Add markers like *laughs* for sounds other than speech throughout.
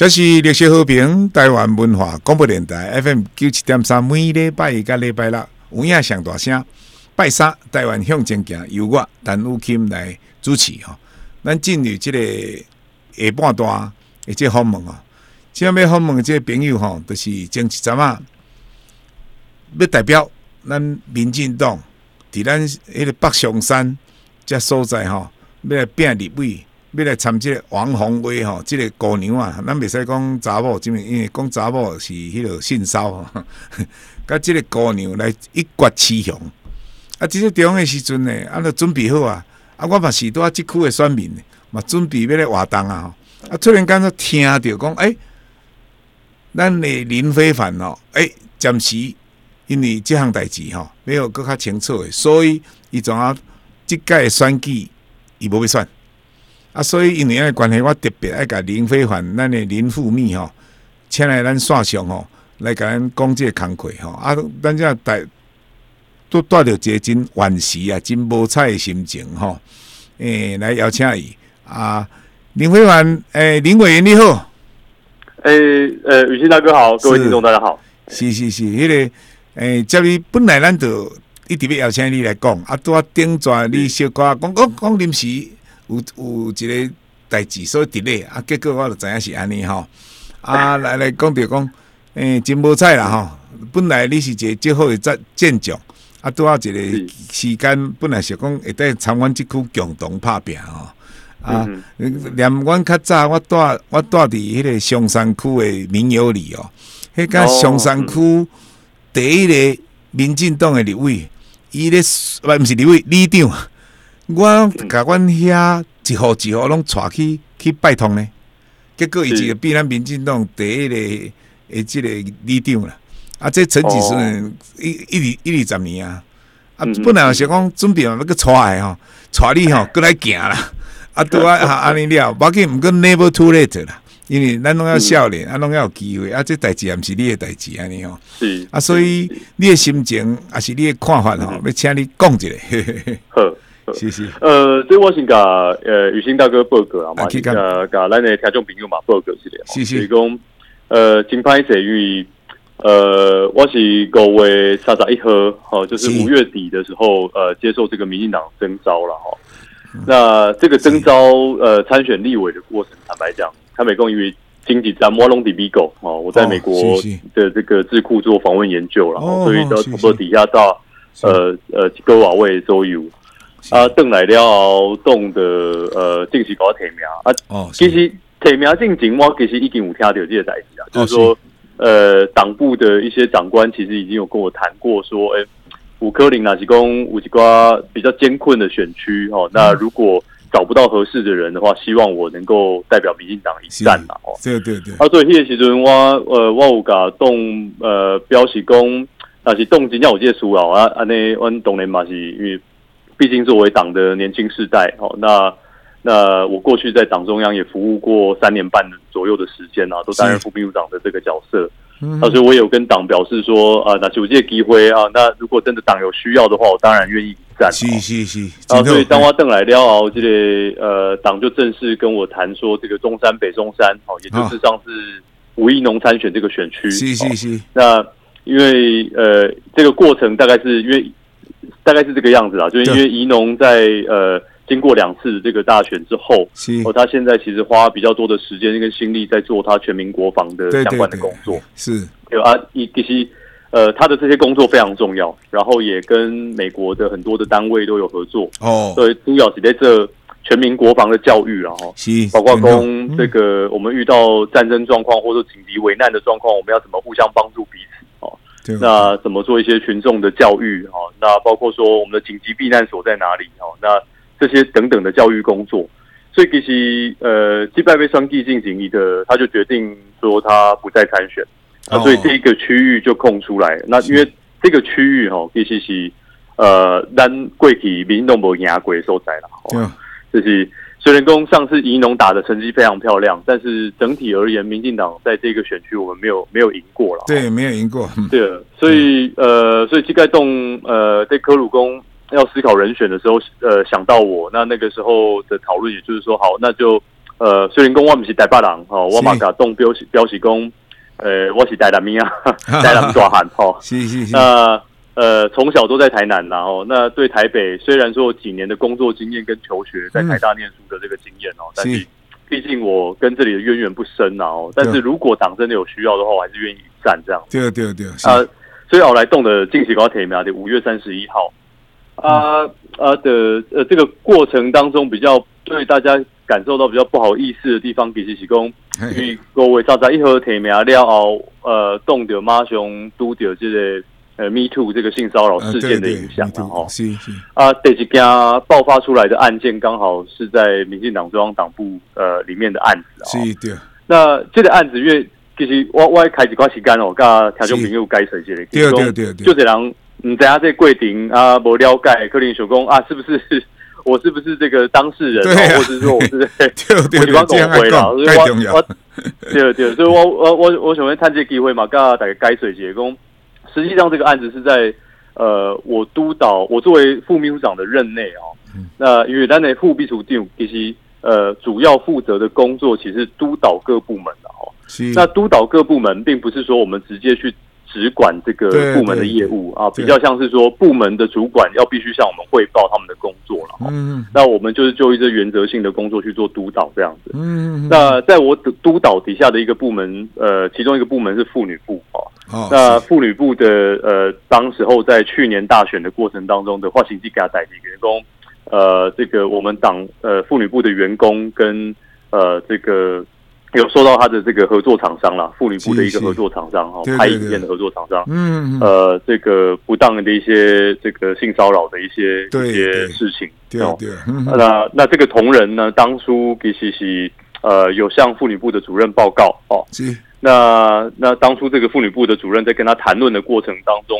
這是綠色和平、台灣文化廣播電台 FM 九七點三，3，每禮拜一到禮拜六有影上大聲拜三，台灣向前行，由我陳雨鑫來主持哈、哦。咱進入這個下半段，的這個訪問哦。前、啊、要訪問的這個朋友吼、啊，就是前一陣仔，要代表咱民進黨，佇咱迄個北上山這所在吼，要來拼立委。要來參即、這個王鴻偉吼，即個姑娘啊，咱袂使講查某，因為講查某是迄個性騷，吼，甲即個姑娘來一決雌雄。啊，即、這個中個時陣呢，啊，都準備好啊，啊，我嘛是拄啊即區個選民嘛，準備要來活動啊，吼，啊，突然間就聽到講，誒、欸、咱個林飛帆哦，誒、欸、暫時因為即項代誌吼，沒有閣較清楚誒，所以伊怎啊即個選舉伊無要選。啊，所以因為個關係，我特別愛甲林飛帆咱的林富密吼，請來咱線上吼，來甲咱講個工課吼。啊，咱只帶都帶着一個真惋惜啊，真無彩的心情吼。誒、哦欸，來邀請伊啊，林飛帆，誒、欸，林委員你好，誒、欸，誒、呃，雨鑫大哥好，各位聽眾大家好，是，是是是，迄、那個誒，這、欸、裡本來咱着一直欲邀請你來講，啊，拄啊頂遮你小可講講講臨時。嗯有有一個代誌所佇咧啊，結果我就知影是安尼吼。啊，對來來講着講，哎、欸，真無采啦吼。本來你是一個最好的戰將領，啊，拄啊，一個時間是本來是講，會當參阮即區共同拍拼吼、哦。啊，連阮較早我帶我帶佇迄個松山區的民有里哦，迄個松山區第一個民進黨的立委，伊咧、哦，毋、嗯、是立委，里長。我甲阮遐一號一號攏帶去去拜通呢，結果伊就變咱民進黨第一個，誒，即個里長啦。啊，即成績是一一二一二十年啊。啊，本來想講準備那個帶吼，帶你吼過來行啦。啊，對啊，啊，安尼了，畢竟唔跟 never too late 啦，因為咱攏要少年，阿攏要有機會，啊，即代志也毋是你的代志安尼哦。啊，啊，所以你的心情也是你的看法吼、啊，要請你講一下。謝謝、呃。呃，對我是噶，呃雨鑫大哥報個啊嘛，噶噶咱的聽眾朋友嘛報個、喔、是的是。謝謝。所以講，呃，金拍是於呃，我是各呃，沙沙一河，好，就是五月底的時候，是呃，接受這個民進黨徵召了哈。喔嗯、那這個徵召是呃，參選立委的過程，坦白講，他每公因為經濟戰我在，我龍底比狗哦。我在美國的這個智庫做訪問研究了，哦喔、所以到差不多底下到是是呃呃哥瓦位都有。啊，等來了動的呃，這是搞提名啊。哦，的其實提名正經，我其實已經有聽到這個代誌啊，哦、是就是說呃，黨部的一些長官其實已經有跟我談過說，欸、說哎，五棵林哪幾公，有幾個比較艱困的選區哦，嗯、那如果找不到合適的人的話，希望我能夠代表民進黨一戰嘛。哦的、啊，對對對。啊，所以其實我呃，我有跟動呃，標示工但是動靜讓我介輸啊。啊，安內阮當然嘛是。因為畢竟作為黨的年輕世代哦，那那我過去在黨中央也服務過三年半左右的時間啊，都擔任副秘書長的這個角色、嗯啊，所以我也有跟黨表示說啊，那九屆機會啊，那如果真的黨有需要的話，我當然願意站。是是、嗯哦、是，是是啊，所以當阿鄧來聊啊，我記得呃，黨就正式跟我談說，這個中山北中山哦，也就是上次吳怡農參選這個選區。是是是、哦，那因為呃，這個過程大概是因為。大概是這個樣子啦，就是因為宜農在對呃經過兩次這個大選之後，是他現在其實花比較多的時間跟心力在做他全民國防的相關的工作，對對對是有啊，其實呃他的這些工作非常重要，然後也跟美國的很多的單位都有合作哦，所以主要是在這全民國防的教育啦齁，是包括跟這個我們遇到戰爭狀況或者緊急危難的狀況，我們要怎麼互相幫助彼此。那怎麼做一些群眾的教育？哈，那包括說我們的緊急避難所在哪裡？哈，那這些等等的教育工作。所以，其實呃，基拜被雙計進行一個，他就決定說他不再參選，那所以這一個區域就空出來。那因為這個區域哈，其實是呃，單貴體民眾無牙貴受在了，吼、嗯，就是。雖然公上次宜農打的成績非常漂亮，但是整體而言，民進黨在這個選區我們沒有沒有贏過了。對，沒有贏過。嗯、對，所以呃，所以基該動呃，在科魯宮要思考人選的時候，呃，想到我。那那個時候的討論，也就是說，好，那就呃，雖然公，我不是台北人，哈、哦，我馬甲動表示表示講，呃，我是台南人啊，台南大漢，哈、哦，是，是是是。那、呃呃，從小都在台南啦，然、喔、後那對台北雖然說有幾年的工作經驗跟求學在台大念書的這個經驗哦，嗯、是，但是畢竟我跟這裡的淵源不深啦。哦對。但是如果黨真的有需要的話，我還是願意站這樣。對對對啊。啊，所以我來動的競選稿貼名、啊嗯啊、的五月三十一號啊啊的呃這個過程當中比較對大家感受到比較不好意思的地方，比起提供公各位早在一盒貼名了後，呃，動的馬熊嘟的。這些、個呃，Me Too 這個性騷擾事件的影響，哦，哈、呃，是啊，這幾件爆發出來的案件剛好是在民進黨中央黨部呃裡面的案子，哦，是的。那這個案子，因為其實我我要花一些時間，哦跟聽眾朋友解釋一下，第是就這樣，你等下在櫃頂啊，不了解，可能想說啊，是不是我是不是這個當事人？哦、啊啊、或者是說我是我主管誤會了，對對 *laughs* 所以我我我我想要趁這機會嘛，跟大家解釋一下說。實際上，這個案子是在，呃，我督導，我作為副秘書長的任內啊、哦，那因為擔任副秘書長，其實呃，主要負責的工作其實是督導各部門的哦，是那督導各部門，並不是說我們直接去。只管這個部門的業務啊，對對對對，比較像是說部門的主管要必須向我們匯報他們的工作了。嗯，那我們就是就一些原則性的工作去做督導這樣子。嗯，那在我的督導底下的一個部門，呃，其中一個部門是婦女部，哦、那婦女部的呃，當時候在去年大選的過程當中的話，其實給他逮幾個員工，呃，這個我們黨呃婦女部的員工跟呃這個。有說到他的這個合作廠商啦，婦女部的一個合作廠商哈，是是拍影片的合作廠商，嗯呃，嗯哼這個不當的一些這個性騷擾的一些對對一些事情，對對，那道、嗯呃、那這個同仁呢，當初給西西呃有向婦女部的主任報告哦，是那那當初這個婦女部的主任在跟他談論的過程當中，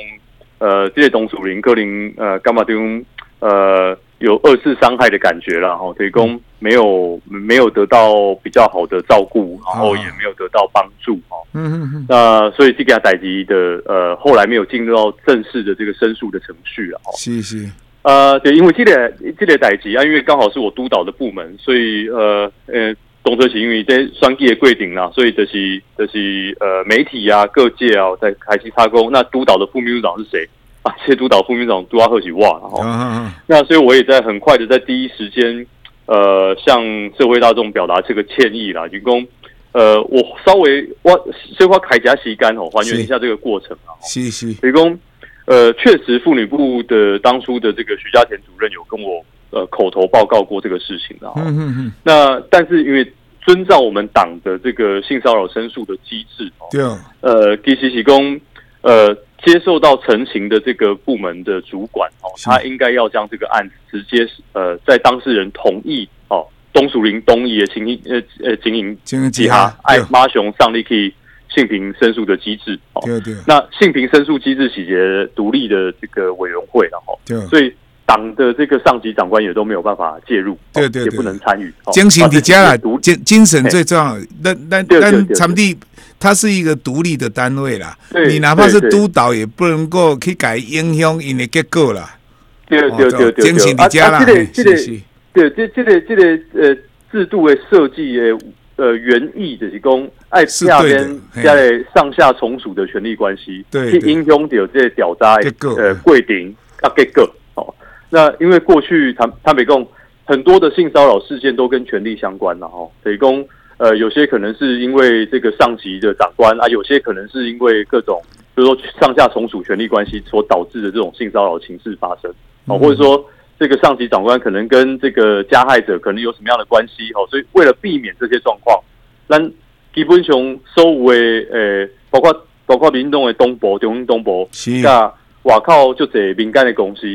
呃，這些、個、董楚林、柯林、呃、伽馬丁、呃。有二次傷害的感覺了哈，對弓沒有沒有得到比較好的照顧，然後也沒有得到幫助哈、啊。嗯嗯嗯。那、呃、所以這個採集的呃後來沒有進入到正式的這個申訴的程序啊。是是。呃對，因為這個這個採集啊，因為剛好是我督導的部門，所以呃呃東征奇因為在雙擊的櫃頂啦，所以這些這些呃媒體啊各界啊在開始插工。那督導的副秘書長是誰？導啊！協助黨副秘書長杜阿赫吉哇，啊、那所以我也在很快的在第一時間，呃，向社會大眾表達這個歉意啦。徐、就、公、是、呃，我稍微挖先把鎧甲洗乾哦，還原一下這個過程啊。徐徐是，徐工後，呃，確實婦女部的當初的這個許嘉恬主任有跟我呃口頭報告過這個事情的、嗯。嗯那但是因為遵照我們黨的這個性騷擾申訴的機制，對、哦，呃，給徐徐工。呃，接受到陳情的這個部門的主管哦、喔，他應該要將這個案子直接呃，在當事人同意哦，東署林東野的經營呃呃經營經營哎，媽熊對上立可以性平申訴的機制哦，對，對對，那性平申訴機制洗決獨立的這個委員會了哈，喔、對，對，對，所以黨的這個上級長官也都沒有辦法介入，對，對對，也不能參與，精神精、喔、精神最重要，那那那場地。它是一個獨立的單位啦，你哪怕是督導也不能夠去改影響，因為結構了，對對對對對。啊，這個對個對這這個這個呃制度的設計呃原意就是講，艾斯那邊建立上下從屬的權利關係，對影響有這些調查，呃貴頂要給個哦。那因為過去他他每公很多的性騷擾事件都跟權力相關了哦，每公。呃，有些可能是因為這個上級的長官啊，有些可能是因為各種，比如說上下從屬權力關係所導致的這種性騷擾情勢發生，嗯、或者說這個上級長官可能跟這個加害者可能有什麼樣的關係哦，所以為了避免這些狀況，那基本上所有的呃，包括包括民眾的東部中東部，東部是那外靠就這民間的公司。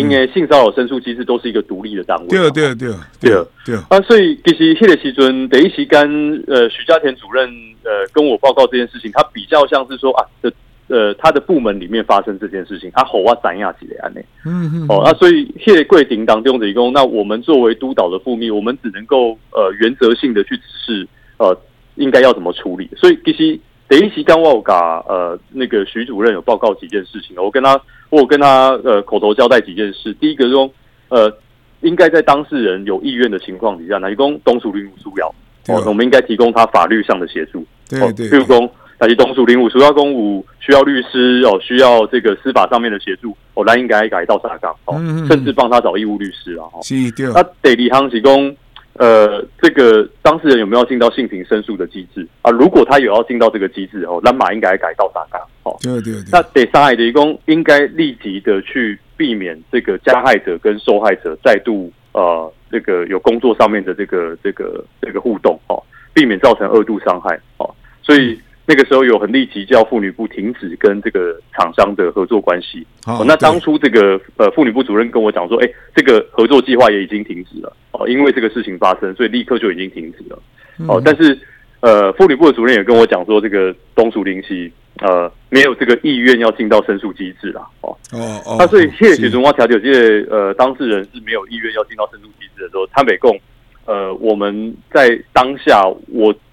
因為性騷擾申訴機制都是一個獨立的單位。嗯、嗎對啊對對，對啊，對啊，對啊，對啊。啊，所以其實謝立熙尊第一席跟呃許家田主任呃跟我報告這件事情，他比較像是說啊，的呃他的部門裡面發生這件事情，他吼啊散呀幾的案嗯嗯。哦，那、啊、所以謝貴庭當中的一個，那我們作為督導的副秘，我們只能夠呃原則性的去指示呃應該要怎麼處理。所以其實第一席跟我講呃那個徐主任有報告幾件事情，我跟他。我跟他呃口頭交代幾件事，第一個說，呃，應該在當事人有意願的情況底下，來提供東屬零五疏要，對 哦，我們應該提供他法律上的協助，對對，哦，譬如說，哪些東屬零五疏要公五需要律師哦，需要這個司法上面的協助，哦，那應該改到啥崗，哦，嗯嗯甚至幫他找義務律師，哦、啊，哈，第二，他得李行提供。呃，這個當事人有沒有進到性平申訴的機制啊？如果他有要進到這個機制哦，那馬應該改道大家哦。對，對對，那得傷害的員工應該立即的去避免這個加害者跟受害者再度呃，這個有工作上面的這個這個這個互動哦，避免造成二度傷害哦。所以。那個時候有很立即叫婦女部停止跟這個廠商的合作關係。Oh, 哦，那當初這個對呃婦女部主任跟我講說，哎、欸，這個合作計劃也已經停止了哦，因為這個事情發生，所以立刻就已經停止了。哦，mm hmm. 但是呃婦女部的主任也跟我講說，這個東熟林西呃沒有這個意願要進到申訴機制啦。哦哦，那、oh, oh, 啊、所以謝謝中華調酒謝謝呃當事人是沒有意願要進到申訴機制的時候，他北共呃我們在當下我。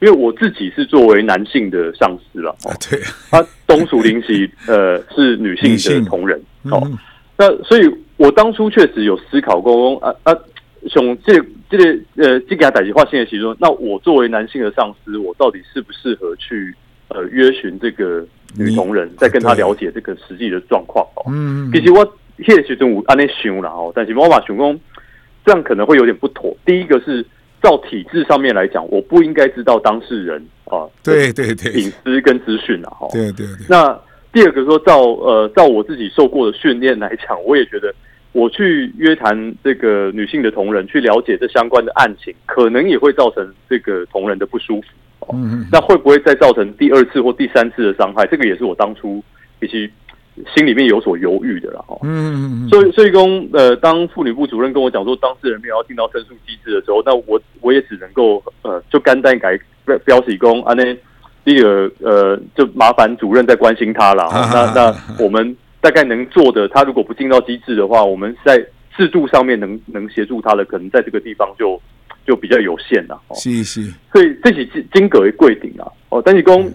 因為我自己是作為男性的上司了哦、啊，對、啊，他東叔林夕呃是女性的同仁性哦，那、嗯啊、所以我當初確實有思考過，啊啊熊這這個、這個、呃，金甲仔級話性也其中，那我作為男性的上司，我到底適不適合去呃約詢這個女同仁，你再跟她了解這個實際的狀況哦，嗯，嗯，嗯，嗯其實我謝謝中午阿內熊啦哦，但是媽媽熊公這樣可能會有點不妥，第一個是。照體制上面來講，我不應該知道當事人啊，對對對，隱私跟資訊啊，哈，對，對對。那第二個說，照，呃，照我自己受過的訓練來講，我也覺得，我去約談這個女性的同仁，去了解這相關的案情，可能也會造成這個同仁的不舒服。嗯嗯哼。那會不會再造成第二次或第三次的傷害？這個也是我當初必須。心裡面有所猶豫的了哈，嗯，嗯，嗯、所以所以公呃，當婦女部主任跟我講說，當事人沒有要進到申訴機制的時候，那我我也只能夠呃，就干干改標標示公啊那那個呃，就麻煩主任再關心他了。啊、那那我們大概能做的，他如果不進到機制的話，我們在制度上面能能協助他的，可能在這個地方就就比較有限了。是是，所以這幾金金閣為貴頂啊，哦，但尼公。嗯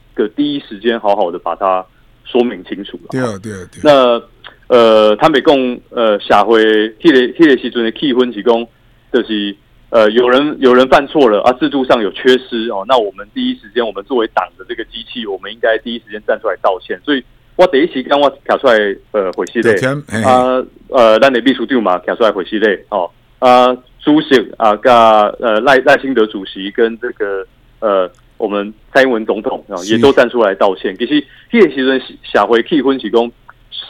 第一時間好好的把它說明清楚了。對啊對啊對啊那。那呃，他北共呃，下回鐵雷、鐵雷其中的 key 分其功，就是，呃，有人有人犯錯了啊，制度上有缺失哦。那我們第一時間，我們作為黨的這個機器，我們應該第一時間站出來道歉。所以，我第一時間我跳出來呃，回信嘞啊呃，咱的秘書丟嘛，跳出來回信嘞哦啊，主席啊，跟，呃，呃賴賴清德主席跟這個呃。我們蔡英文總統啊，也都站出來道歉。是其實那個時候社會氣氛是說，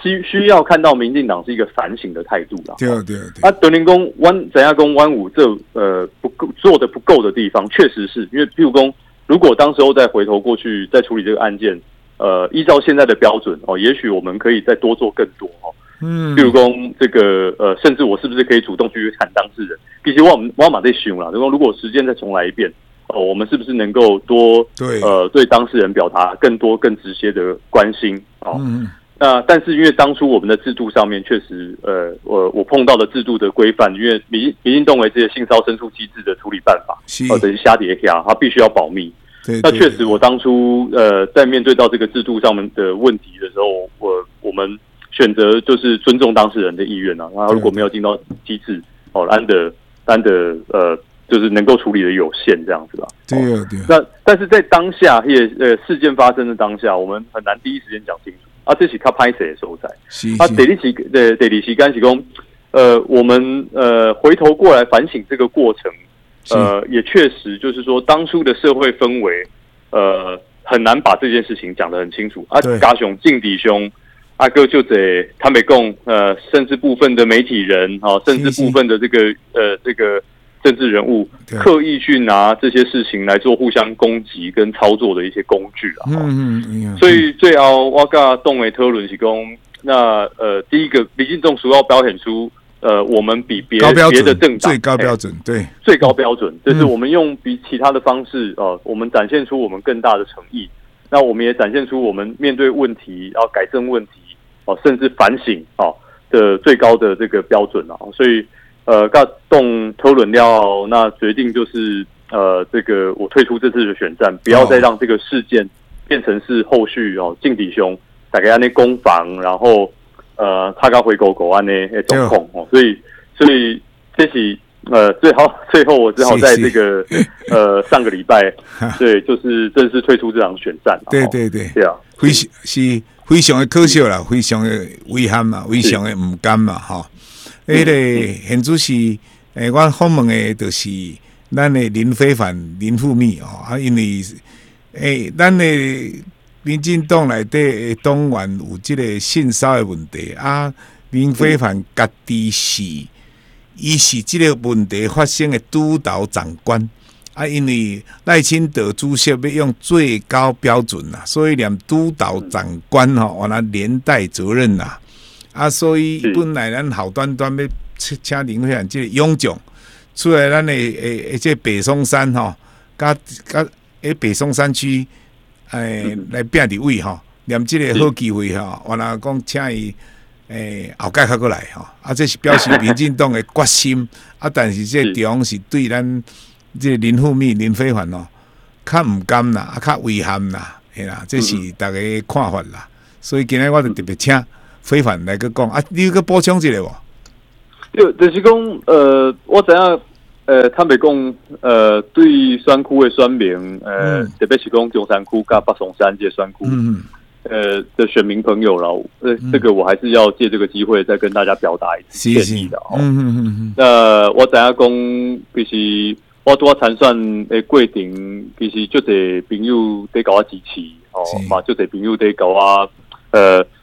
需需要看到民進黨是一個反省的態度的。對對對。那德林公彎、陳家公彎五這呃不夠做的不夠的地方，確實是因為譬如說，如果當時候再回頭過去再處理這個案件，呃，依照現在的標準哦，也許我們可以再多做更多哦。嗯。譬如說，這個呃，甚至我是不是可以主動去喊當事人？其實我們，我們也在想啦，就是說，如果時間再重來一遍，哦，我們是不是能夠多對呃對當事人表達更多更直接的關心？哦，那、嗯啊、但是因為當初我們的制度上面確實呃我我碰到的制度的規範，因為民進民進動為這些性騷擾申訴機制的處理辦法，或者是瞎、呃、的 A P R，它必須要保密。對對對，那確實我當初呃在面對到這個制度上面的問題的時候，我我們選擇就是尊重當事人的意願啊。那如果沒有進到機制，對對哦安的安的呃。就是能夠處理的有限這樣子啦。對啊對啊、哦。那但是在當下也呃事件發生的當下，我們很難第一時間講清楚啊。這起他拍誰的收在？阿德里奇對德里奇干起工，呃，我們呃回頭過來反省這個過程，呃，是 也確實就是說當初的社會氛圍，呃，很難把這件事情講得很清楚。阿嘎雄、靜迪雄、阿哥就得台北共呃，甚至部分的媒體人啊、哦，甚至部分的這個是是呃這個。政治人物刻意去拿這些事情來做互相攻擊跟操作的一些工具了，嗯。嗯，嗯所以最後挖格動維特倫提供那呃，第一個，畢竟中種要表現出呃，我們比別別的政黨最高標準，欸、對最高標準，嗯，就是我們用比其他的方式呃，我們展現出我們更大的誠意。嗯，那我們也展現出我們面對問題要，呃，改正問題哦，呃，甚至反省啊，呃，的最高的這個標準了，呃。所以。呃，搞動偷輪料，那決定就是呃，這個我退出這次的選戰，不要再讓這個事件變成是後續哦，勁敵兄大家安那攻防，然後呃，他搞回狗狗安呢總統哦，所以所以這是呃最好最後我只好在這個是是呃上個禮拜 *laughs* 對，就是正式退出這場選戰，對對對，對，對啊，非是，是，是非常的可惜了，是非常的遺憾嘛，非常的不甘嘛，哈是。哦迄個、欸、現主席誒、欸，我訪問誒就是咱誒林飛帆、林富密哦，啊，因為誒、欸，咱誒民進黨內底誒黨員有即個性騷誒問題啊，林飛帆家己是，伊是即個問題發生誒督導長官啊，因為賴清德主席要用最高標準啊，所以連督導長官吼，我、啊、拿連帶責任吶、啊。啊，所以本來咱好端端要請林飛帆即個雍正出來，咱的誒，即個北松山吼，甲甲誒北松山區誒來拼佇位吼，念即個好機會吼，原是、欸、來講請伊誒後蓋克過來吼，啊，即是表示民進黨誒決心啊，但是即個地方是對咱即個林富密林飛帆哦，較毋甘啦，啊較遺憾啦，嚇啦，即是大家看法啦，所以今日我就特別請。非凡來個講啊，你有個補充一下就就是講，呃，我怎樣，呃，他沒講，呃，對酸庫的酸民，呃，嗯、特別是講中山庫、噶八松山這些酸庫，呃的選民朋友了，呃、嗯，這個我還是要借這個機會再跟大家表達一下歉意的。是是嗯嗯我怎樣講，我多算，的過程其實就得朋友得搞啊支哦，嘛就得朋友得搞啊，呃。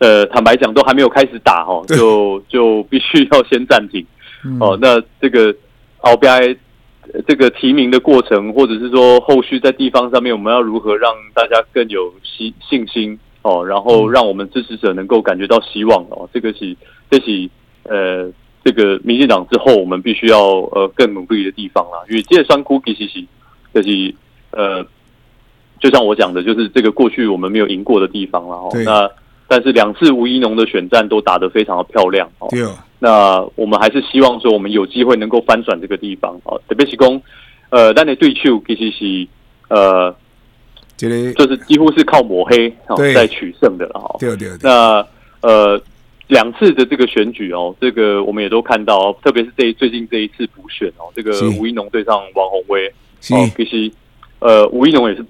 呃，坦白講，都還沒有開始打哈、哦，就就必須要先暫停對哦。那這個 OBI 這個提名的過程，或者是說後續在地方上面，我們要如何讓大家更有信信心哦，然後讓我們支持者能夠感覺到希望哦。這個是這個、是呃，這個民進黨之後我們必須要呃更努力的地方啦。因為這 cookie 其實這是呃，就像我講的，就是這個過去我們沒有贏過的地方啦哦。對那但是兩次吳怡農的選戰都打得非常的漂亮哦。對、哦。那我們還是希望說我們有機會能夠翻轉這個地方哦。特別是說，呃，但你對手其實是呃，就是幾乎是靠抹黑、哦、在取勝的了哈。對對對、對。那呃，兩次的這個選舉哦，這個我們也都看到、哦，特別是這最近這一次補選哦，這個吳怡農對上王鴻薇，其實，呃，吳怡農也是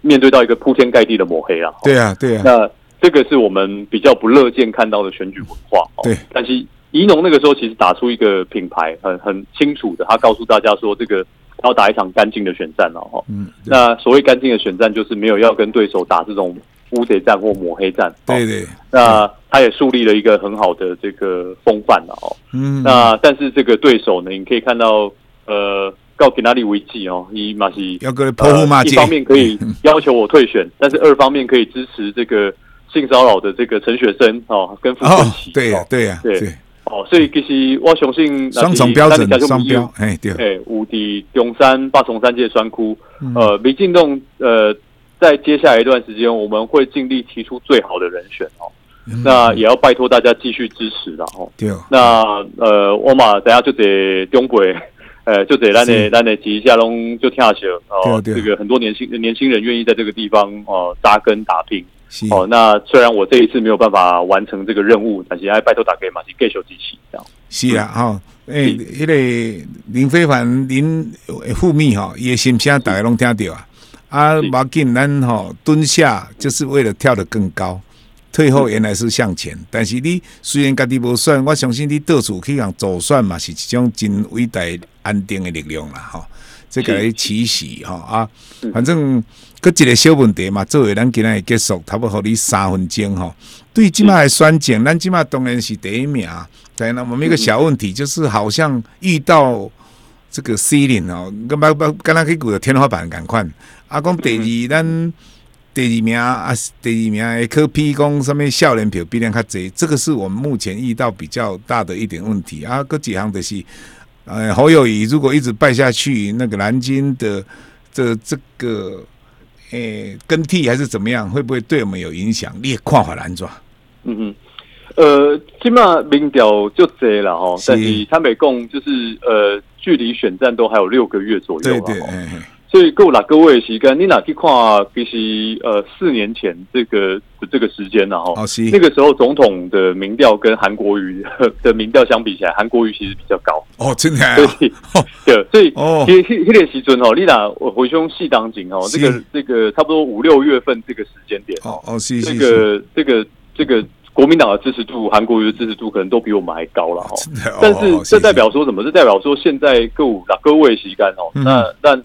面對到一個鋪天蓋地的抹黑啊、哦。對啊對啊。那這個是我們比較不樂見看到的選舉文化，對。但是宜農那個時候其實打出一個品牌很很清楚的，他告訴大家說，這個要打一場乾淨的選戰了哈。嗯。那所謂乾淨的選戰，就是沒有要跟對手打這種烏賊戰或抹黑戰。對對。對哦、那他也樹立了一個很好的這個風範了、嗯、哦。嗯。那但是這個對手呢，你可以看到，呃，告給哪利維基哦，以馬西要、呃、一方面可以要求我退選，嗯、但是二方面可以支持這個。性騷擾的這個陳雪生啊，哦，跟傅崐萁，對呀，哦，對呀，啊，對，啊，對，對，哦，所以其實我相信雙重標準，有有雙重標哎，對，哎，五地東山八重三界酸窟，嗯，呃，林進棟，呃，在接下來一段時間，我們會盡力提出最好的人選哦。嗯，那也要拜托大家繼續支持了哦。對啊，那呃，我嘛，等下就得東國，呃，就得來呢來呢，其實下龍就跳下去了，對對，呃，這個很多年輕年輕人願意在這個地方哦，呃，紮根打拼。好是、哦，那雖然我這一次沒有辦法完成這個任務，但是要拜託大家嘛是繼續支持這樣。是啊，哈、哦，哎、欸，因為是林飛帆林副秘哈，伊的心聲大家攏聽到是啊，啊，無要緊咱吼，蹲下就是為了跳得更高，退後原來是向前，是但是你雖然家己無算，我相信你到處去讓做算嘛，是一種真偉大安定的力量啦，吼、哦。即個起始吼啊，對反正擱一個小問題嘛，作為咱今天也結束，差不多互你三分鐘吼、哦，對，即今的選情咱即麥當然是第一名。對、嗯，那、嗯、我們一個小問題就是，好像遇到這個 C 零哦，剛剛剛剛去股的天花板趕快。啊，講第二、嗯、咱第二名啊，第二名的柯 P 講什麼少年票比咱較多，這個是我們目前遇到比較大的一點問題啊。擱一項的、就是。哎，侯友宜如果一直敗下去，那個南京的這這個，哎、欸，更替還是怎麼樣，會不會對我們有影響？你也跨海南抓。嗯嗯呃，起碼民調就這了哈，但是他北共就是呃，距離選戰都還有六個月左右對了。欸所以夠啦，各位，實幹。你哪去看？必須呃，四年前這個這個時間呢、啊 oh, 是，哈，那個時候總統的民調跟韓國瑜的民調相比起來，韓國瑜其實比較高。哦，真的、啊？對，對所以，其實尊、啊是，其實時陣哦，你哪我兄系當警哦，這個這個差不多五六月份這個時間點，哦哦，是，是這個這個這個國民黨的支持度，韓國瑜的支持度可能都比我們還高了、oh,，哈、oh,。但是這代表說什麼？這代表說現在夠啦、啊嗯，各位實幹哦。那但，但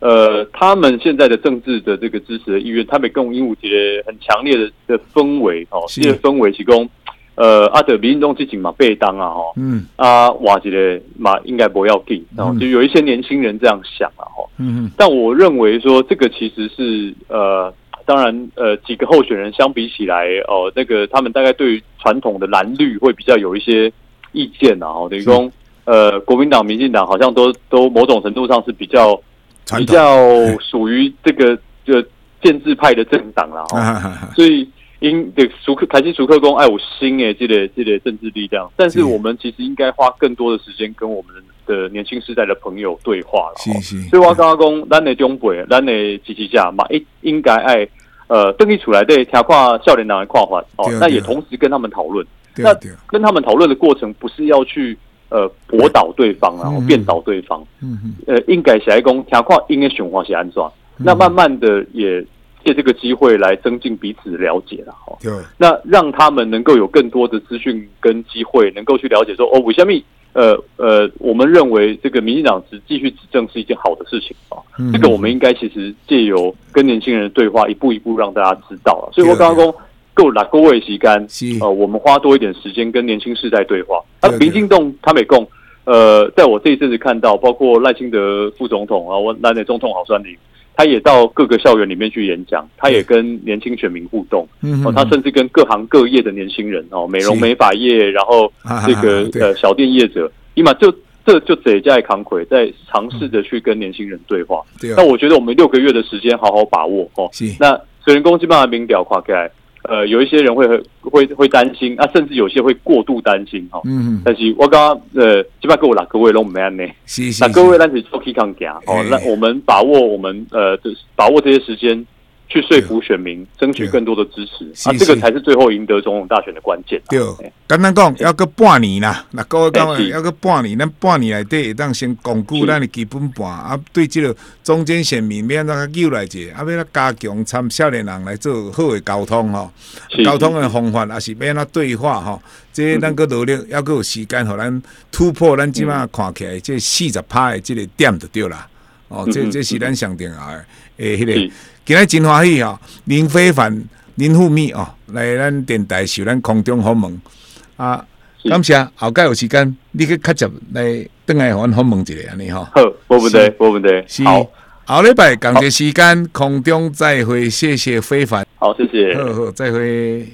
呃，他們現在的政治的這個支持的意願，他們跟更鸚鵡節很強烈的的氛圍哦，的這些氛圍提供呃，阿德民進黨執政馬八年啊，哈，嗯，啊，我覺得馬應該不要緊，嗯、然後就有一些年輕人這樣想啊哈，哦、嗯哼，但我認為說這個其實是呃，當然呃，幾個候選人相比起來哦，那個他們大概對於傳統的藍綠會比較有一些意見啊，哦，等於說是呃，國民黨、民進黨好像都都某種程度上是比較。比較屬於這個這個是建制派的政黨了哦，啊、哈哈所以因對蘇克、凱西、蘇克公、愛我心哎，這些這些政治力量，但是我們其實應該花更多的時間跟我們的年輕世代的朋友對話了哦。是是所以阿公阿公，咱雷東鬼，咱雷吉吉家嘛？應應該愛呃，鄧麗楚來對，調跨少年黨來跨環哦，那也同時跟他們討論。對對對那跟他們討論的過程，不是要去。呃，駁倒,、哦嗯嗯、倒對方，然後辯倒對方。嗯嗯。呃，應改寫阿公，強化應該選化些安裝。那慢慢的也借這個機會來增進彼此了解了哈。哦、對。那讓他們能夠有更多的資訊跟機會，能夠去了解說哦，為什麼，呃呃，我們認為這個民進黨執繼續執政是一件好的事情啊。嗯,嗯、哦。這個我們應該其實借由跟年輕人的對話，一步一步讓大家知道了。所以我剛剛。對夠拉高位吸乾，間是呃，我們花多一點時間跟年輕世代對話。啊，對對對明興棟、他沒供呃，在我這一陣子看到，包括賴清德副總統啊，賴、呃、賴總統郝山林，他也到各個校園裡面去演講，他也跟年輕選民互動。嗯對、呃、他甚至跟各行各業的年輕人哦、呃，美容是美髮業，然後這個啊啊啊啊呃小店業者，伊嘛，就這就這在扛魁，在嘗試着去跟年輕人對話。嗯、對啊，那我覺得我們六個月的時間好好把握哦。呃、是，那、呃、雖然攻擊巴拉民調垮開。呃，有一些人會會會擔心，啊，甚至有些會過度擔心哈。哦、嗯，但是我剛剛呃，基本上各位啦，各位攏沒安呢？是是。那各位我，那你就可以扛講。好、哦，那、哎、我們把握我們呃，把握這些時間。去說服選民，爭取更多的支持啊！這個才是最後贏得總統大選的關鍵。對，簡單講要個半年啦，那剛剛要個半年，咱半年內底會當先鞏固咱的基本盤啊。對，這個中間選民免那個舊來者，啊免加強參少年人來做好的溝通哦。溝通嘅方法也是免那對話哈。即咱個努力，還佫有時間，互咱突破咱即嘛看起來，即四十趴的即個點就對啦。哦，這這是咱上定啊，誒，迄個。今日真歡喜哦，林飛帆，林副秘哦，來咱電台受咱空中訪問啊！感謝，是後擺有時間，你去較捷來倒來互阮訪問一下按呢吼。哦，好，無問題，無是問題。是好，後禮拜同一個時間，好空中再會，謝謝飛帆。好，謝謝。好好再會。